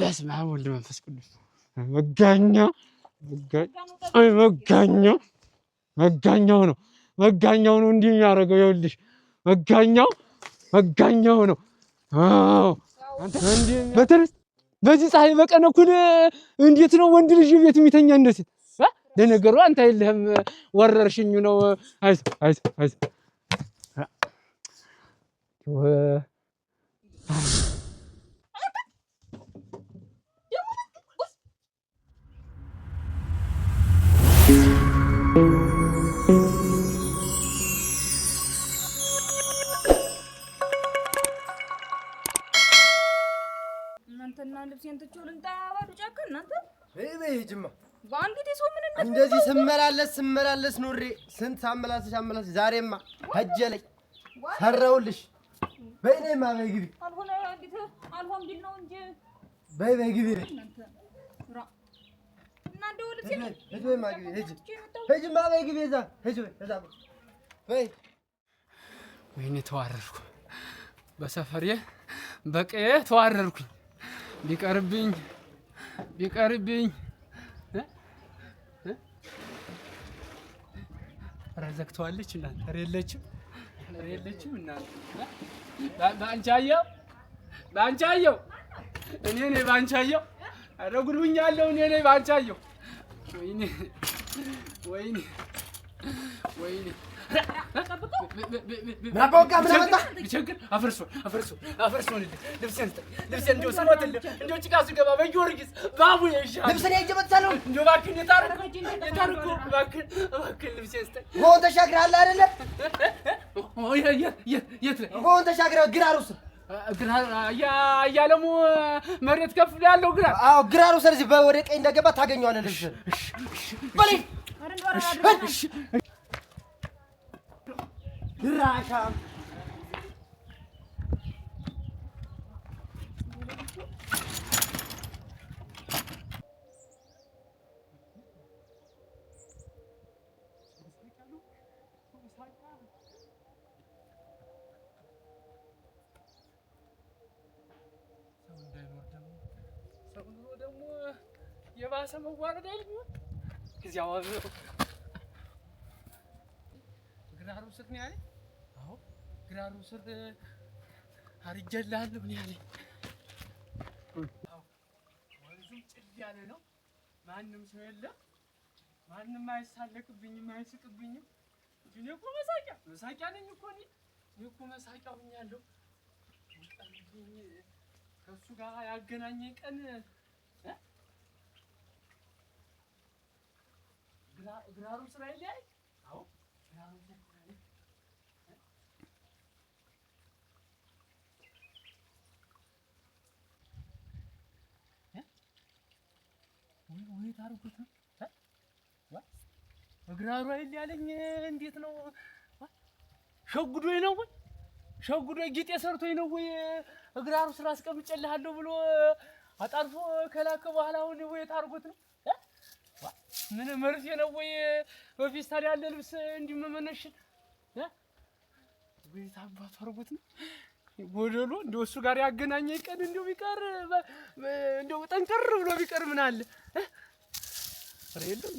በስመ አብ ወልድ መንፈስ ቅዱስ መጋኛ መጋኛው መጋኛው ነው መጋኛው ነው እንዲህ የሚያደርገው። ይኸውልሽ መጋኛው መጋኛው ነው። በተረስ በዚህ ፀሐይ በቀን እኩል እንዴት ነው ወንድ ልጅ ቤት የሚተኛ? እንደዚህ ለነገሩ አንተ አይልህም ወረርሽኙ ነው። አይዞህ አይዞህ አይዞህ እናንተና ልብሴን ትቼው ልምጣ ባሉ ጫካ እናንተ ጅማ በአንዲት ሰው ምን እንደዚህ ስመላለስ ስመላለስ ኑሬ ስንት ሳመላለስ ሳመላለስ ዛሬማ ሀጀለኝ ሰራውልሽ። በይ ነይማ፣ በይ ግቢ። አልሆነ እንዴት አልሆን ቢል ነው እንጂ በይ በይ ግቢ ወይኔ ተዋረድኩ። በሰፈሬ በቀዬ ተዋረድኩኝ። ቢቀርብኝ ቢቀርብኝ ረዘግተዋለች እናንተ የለችም የለችም እናንተ ባንቻየው ባንቻየው እኔ ነኝ ባንቻየው አረ ጉድ ብኛለሁ እኔ ነኝ ባንቻየው ወይኔ ወይኔ ወይኔ ናባወጋ ምን አመጣ ቢቸግር አፈርሶ አፈርሶ አፈርሶ ልብሴን ልብሴን እንደው ስሞትል እንደው ጭቃ ስገባ በጊዮርጊስ ባቡ ይሻል ልብስን ሄጄ መጥቻለሁ። እንደው እባክህን የታርኩ የታርኩ እባክህን እባክህን ልብሴን ስጠኝ። ውሃውን ተሻግረሃል አይደለ? የት ላይ ውሃውን ተሻግረህ ግራሩስ እያለሙ መሬት ከፍ ያለው ግራር አዎ፣ ግራሩ ስለዚህ ወደ ቀኝ እንደገባ ታገኘዋለህ። ልሽ የባሰ መዋረድ አይልም። እዚያ ዋዘው ግራሩ ስር ነው ያለኝ። አዎ ግራሩ ስር አርጀላለሁ ነው ያለኝ። ወንዙም ጭል ያለ ነው። ማንም ሰው የለም። ማንም አይሳለቅብኝም፣ አይስቅብኝም። እኔ እኮ መሳቂያ መሳቂያ ነኝ እኮ እኔ እኔ እኮ መሳቂያ ሁኛለሁ። ከእሱ ጋር ያገናኘኝ ቀን ግራሩ ስራ እግራሩ አይል ያለኝ እንዴት ነው? ሸጉዶኝ ነው ወይ ሸጉዶኝ ጌጤ ሰርቶኝ ነው ወይ እግራሩ ስራ ብሎ አጣርፎ ከላከ በኋላ አሁን ወይ አርጉት ነው ምን መርፌ ነው ወይ በፌስታል ያለ ልብስ እንዲመመነሽን ቤት አባቱ አርጎት ነው ጎደሎ እንደው እሱ ጋር ያገናኘ ቀን እንደው ቢቀር እንደው ጠንከር ብሎ ቢቀር ምን አለ? ኧረ የለም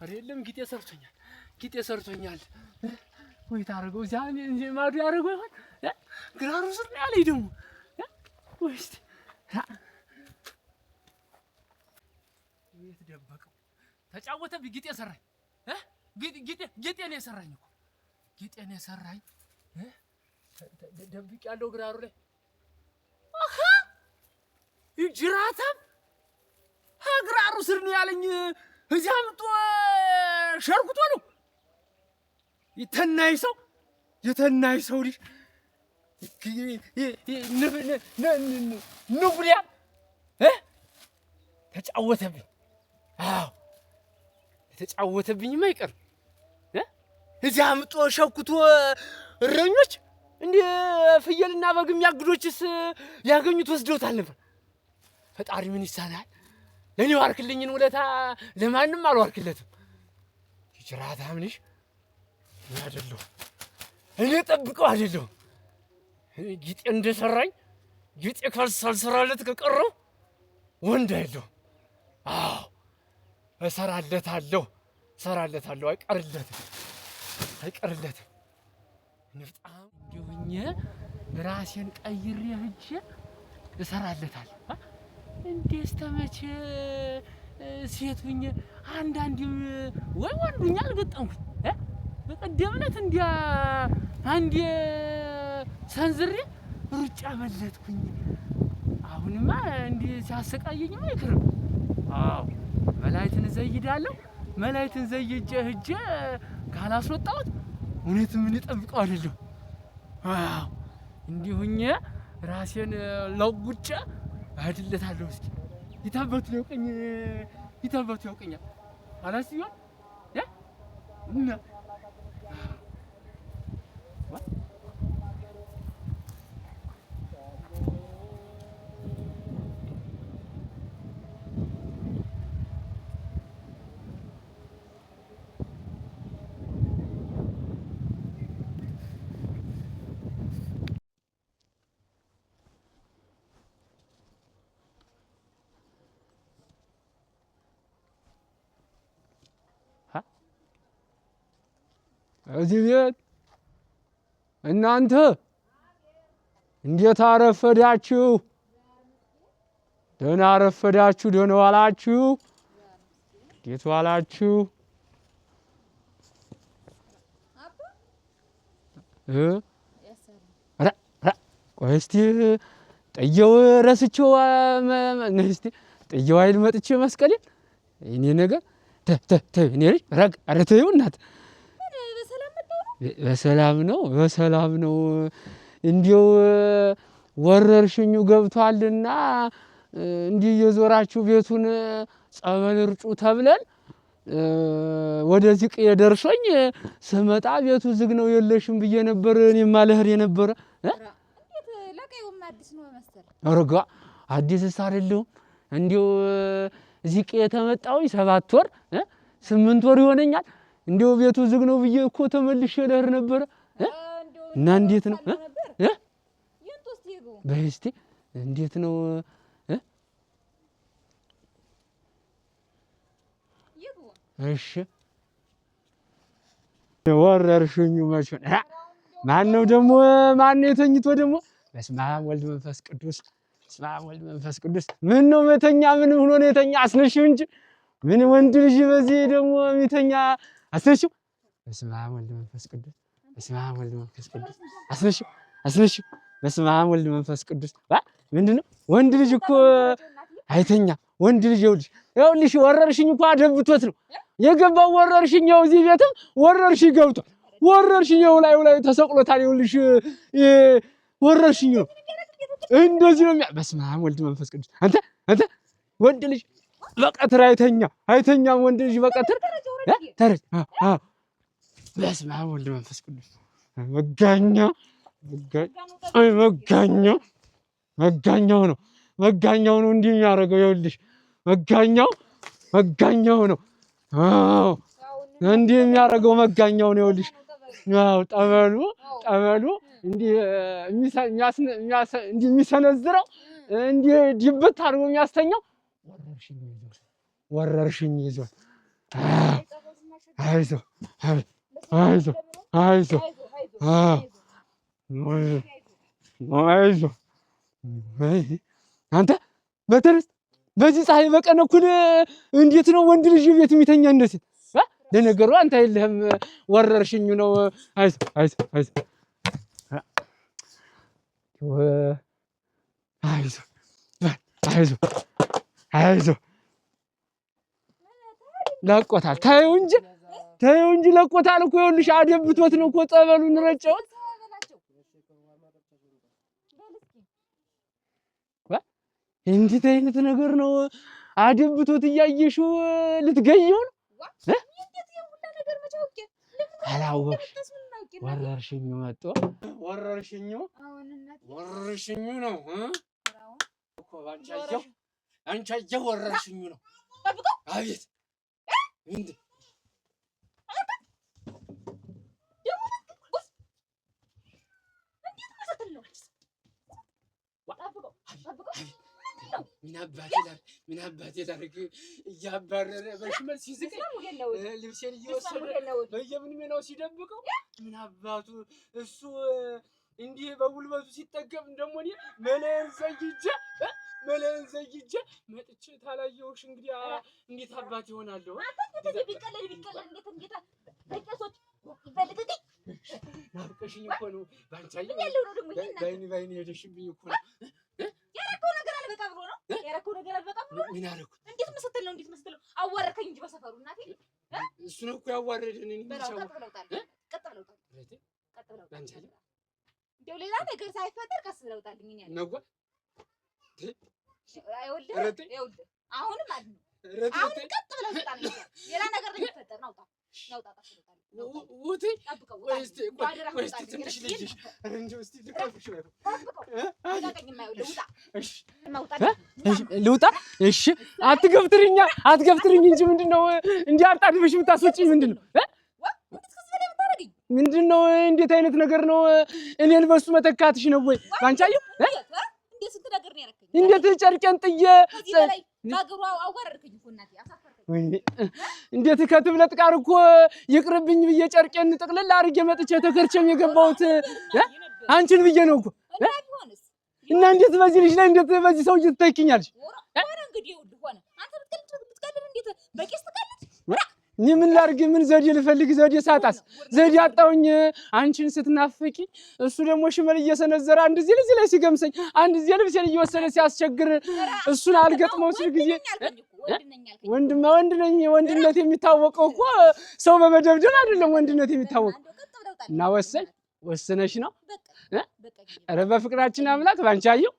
ኧረ ጊጤ ሰርቶኛል፣ ጊጤ ሰርቶኛል። ወይ ታረገው እዚያ እንጂ ማዱ ያረገው ይሆን ግራሩ ስር ነው ያለኝ ደግሞ ወይስ ቤት ደበቀው ተጫወተ ጌጤን ሰራኝ። ጌጤን የሰራኝ እኮ ጌጤን የሰራኝ ደብቅ ያለው ግራሩ ላይ ጅራታም ግራሩ ስር ነው ያለኝ። እዚያ አምጦ ሸርኩቶ ነው የተናይ ሰው የተናይ ሰው ልጅ ንቡሊያ ተጫወተብኝ። አዎ የተጫወተብኝም አይቀርም እዚህ አምጦ ሸኩቶ እረኞች እንደ ፍየልና በግም ያግዶችስ ያገኙት ወስደውታል ነበር። ፈጣሪ ምን ይሳናል? ለእኔ ዋርክልኝን ውለታ ለማንም አልዋርክለትም። ጅራት አምንሽ እኔ አይደለሁም እኔ ጠብቀው አይደለሁም። ጌጤ እንደሰራኝ ጌጤ ካልሳልሰራለት ከቀረው ወንድ አይደለሁም። አዎ እሰራለታለሁ እሰራለታለሁ አይቀርለትም አይቀርለትም። ንፍጣም እንዲሆኜ ራሴን ቀይሬ ሂጄ እሰራለታለሁ። እንዴ ስተመቼ ሴት ሁኜ አንዳንድም ወይ ወንዱኛ አልገጠምኩኝ። በቀደምነት ዕለት እንዲያ አንዴ ሰንዝሬ ሩጫ በለጥኩኝ። አሁንማ እንዲህ ሲያሰቃየኝ አይክርም። አዎ መላእክትን ዘይዳለሁ። መላእክትን ዘይጄ ሂጄ ካላስወጣሁት እውነት ምን ጠብቀው አይደለሁ። አዎ እንዲሁኝ ራሴን ለውጬ እሄድለታለሁ። እስኪ ይታበቱ ያውቀኝ፣ ይታበቱ ያውቀኛል። አላስዮ እና እዚህ እናንተ እንዴት አረፈዳችሁ? ደህና አረፈዳችሁ? ደህና ዋላችሁ? እንዴት ዋላችሁ? ቆይ እስቲ ጥየው ረስቼው እስቲ ጥየው አይደል መጥቼ መስቀሌን እኔ ነገር ተይ እኔ ልጅ ረግ ኧረ ተይው እናት በሰላም ነው በሰላም ነው እንዲው ወረርሽኙ ገብቷልና እንዲህ እየዞራችሁ ቤቱን ጸበል እርጩ ተብለን ወደዚህ ቅዬ ደርሶኝ ስመጣ ቤቱ ዝግ ነው የለሽም ብዬ ነበር። እኔ ማለህር የነበረ ርጓ አዲስስ አይደለሁም። እንዲው እዚህ ቅዬ ተመጣሁኝ ሰባት ወር ስምንት ወር ይሆነኛል። እንዲው ቤቱ ዝግ ነው ብዬ እኮ ተመልሼ ልሄድ ነበረ እና እንዴት ነው? በስቲ እንዴት ነው? እሺ ወረርሽኙ መቼም ማን ነው ደግሞ ማን ነው የተኝቶ ደግሞ? በስመ አብ ወልድ መንፈስ ቅዱስ በስመ አብ ወልድ መንፈስ ቅዱስ። ምን ነው መተኛ? ምን ሆኖ ነው የተኛ? አስነሽው እንጂ ምን ወንድ ልጅ በዚህ ደግሞ የሚተኛ አስነሺው። በስመ አብ ወልድ መንፈስ ቅዱስ በስመ አብ ወልድ መንፈስ ቅዱስ በስመ አብ ወልድ መንፈስ ቅዱስ ምንድነው? ወንድ ልጅ እኮ አይተኛ። ወንድ ልጅ ይኸውልሽ፣ ይኸውልሽ ወረርሽኝ እኮ አደብቶት ነው የገባው። ወረርሽኝ ይኸው እዚህ ቤትም ወረርሽኝ ገብቷል። ወረርሽኝ ይኸው ላይ ላይ ተሰቅሎታል። ይኸውልሽ ወረርሽኝ ነው እንደዚህ ነው። በስመ አብ ወልድ መንፈስ ቅዱስ አንተ አንተ ወንድ ልጅ በቀትር አይተኛ አይተኛም ወንድ ልጅ በቀትር ተረጅ። በስመ አብ ወልድ መንፈስ ቅዱስ መጋኛ መጋኛ መጋኛው ነው መጋኛው ነው እንዲህ የሚያደርገው ይኸውልሽ፣ መጋኛው መጋኛው ነው እንዲህ የሚያደርገው መጋኛው ነው ይኸውልሽ። ያው ጠበሉ ጠበሉ እንዲህ የሚሰነዝረው እንዲህ ድብት አድርጎ የሚያስተኛው ወረርሽኝ ይዞት አይዞ አይዞ አይዞ አይዞ አንተ በተረስ በዚህ ፀሐይ በቀን እንዴት ነው ወንድ ልጅ ቤት የሚተኛ? እንደዚህ ለነገሩ አንተ የለህም፣ ወረርሽኙ ነው። አይዞ አይዞ አይዞ አይዞ አይዞ አይዞ ለቆታል። ታዩ እንጂ ታዩ እንጂ ለቆታል እኮ ይኸውልሽ፣ አደብቶት ነው እኮ ጸበሉን ረጨውን። እንዴት አይነት ነገር ነው? አደብቶት እያየሽው ልትገኘው ነው። ወረርሽኙ መጥቶ ወረርሽኙ ወረርሽኙ ነው እኮ ባንቺ አየሁ አንቺ እያወራሽኝ ነው። አቤት እንዴ! ምን አባቴ ላድርግ? እያባረረ በሽመል ሲዝቅ ልብሴን እየወሰደ በየምን ነው ሲደብቀው። ምን አባቱ እሱ እንዲህ በጉልበቱ ሲጠገብ እንደሞኔ መለየን ዘግይቼ መለህን ዘይጀ መጥቼ ታላየውሽ እንግዲህ እንዴት አባት ይሆናለሁ። ናፍቀሽኝ እኮ ነው። ባንቻ ባይኔ ባይኔ ሄደሽብኝ እኮ ነው። ያረከው ነገር አልበቃ ብሎ ነው። ያረከው ነገር አልበቃ ብሎ ነው። ምን አደረኩት? እንዴት መሰተል ነው? እንዴት መሰተል ነው? አዋረከኝ እንጂ በሰፈሩ እናቴ። እሱ ነው እኮ ያዋረደን። እኔ ቀጥ ብለውታል። ሌላ ነገር ሳይፈጠር ቀስ ብለውታል። ምን ያለ ነው አሁንም አድነው። አሁንም ቀጥ ልውጣ። እሺ፣ አትገፍትርኛ አትገፍትርኝ እንጂ ምንድን ነው እንዲህ አጣድፈሽ የምታስወጪኝ? ምንድን ነው ምንድን ነው? እንዴት አይነት ነገር ነው? እኔን በሱ መተካትሽ ነው ወይ ባንቻየው ስንት ነገር ነው ያደረከኝ? እንዴት ጨርቄን ጥዬ እንዴት ከትብለጥ ጋር እኮ ይቅርብኝ ብዬ ጨርቄን ጥቅልል አድርጌ መጥቼ ተከርቸም የገባሁት አንቺን ብዬ ነው እኮ። እና እንዴት በዚህ ልጅ ላይ እንዴት በዚህ ሰውዬ ትተይኛለሽ? እኔ ምን ላድርግ? ምን ዘዴ ልፈልግ? ዘዴ ሳጣስ ዘዴ አጣውኝ። አንቺን ስትናፍቂ እሱ ደግሞ ሽመል እየሰነዘረ አንድ ዜ ልዚህ ላይ ሲገምሰኝ፣ አንድ ዜ ልብሴን እየወሰደ ሲያስቸግር እሱን አልገጥመው ሲል ጊዜ ወንድማ ወንድ ነኝ። ወንድነት የሚታወቀው እኮ ሰው በመደብደብ አይደለም። ወንድነት የሚታወቀው እና ወሰን ወሰነሽ ነው። ኧረ በፍቅራችን አምላክ ባንቻየው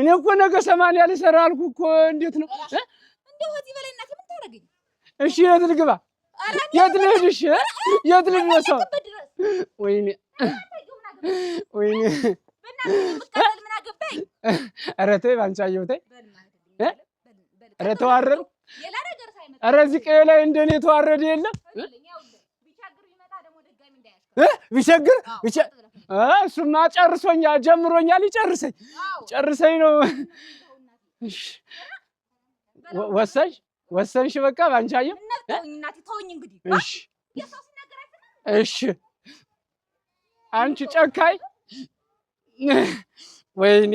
እኔ እኮ ነገ ሰማንያ ልሰራ አልኩ እኮ። እንዴት ነው እንደው ከዚህ በላይ እናቴ ምን ታደርገኝ እሺ የት ልግባ? የት ልሂድ? እሺ የት ልድረስ? ወይኔ ወይኔ! ኧረ ተይ በአንቺ አየሁ። ተይ ኧረ ተዋረድኩ። ኧረ እዚህ ቀዬ ላይ እንደኔ የተዋረደ የለም። ቢቸግር እሱማ ጨርሶኛል፣ ጀምሮኛል። ይጨርሰኝ ጨርሰኝ ነው ወሰጅ ወሰንሽ? በቃ ባንቻየም አየህ። እናቴ ተወኝ እንግዲህ። እሺ እሺ። አንቺ ጨካኝ! ወይኔ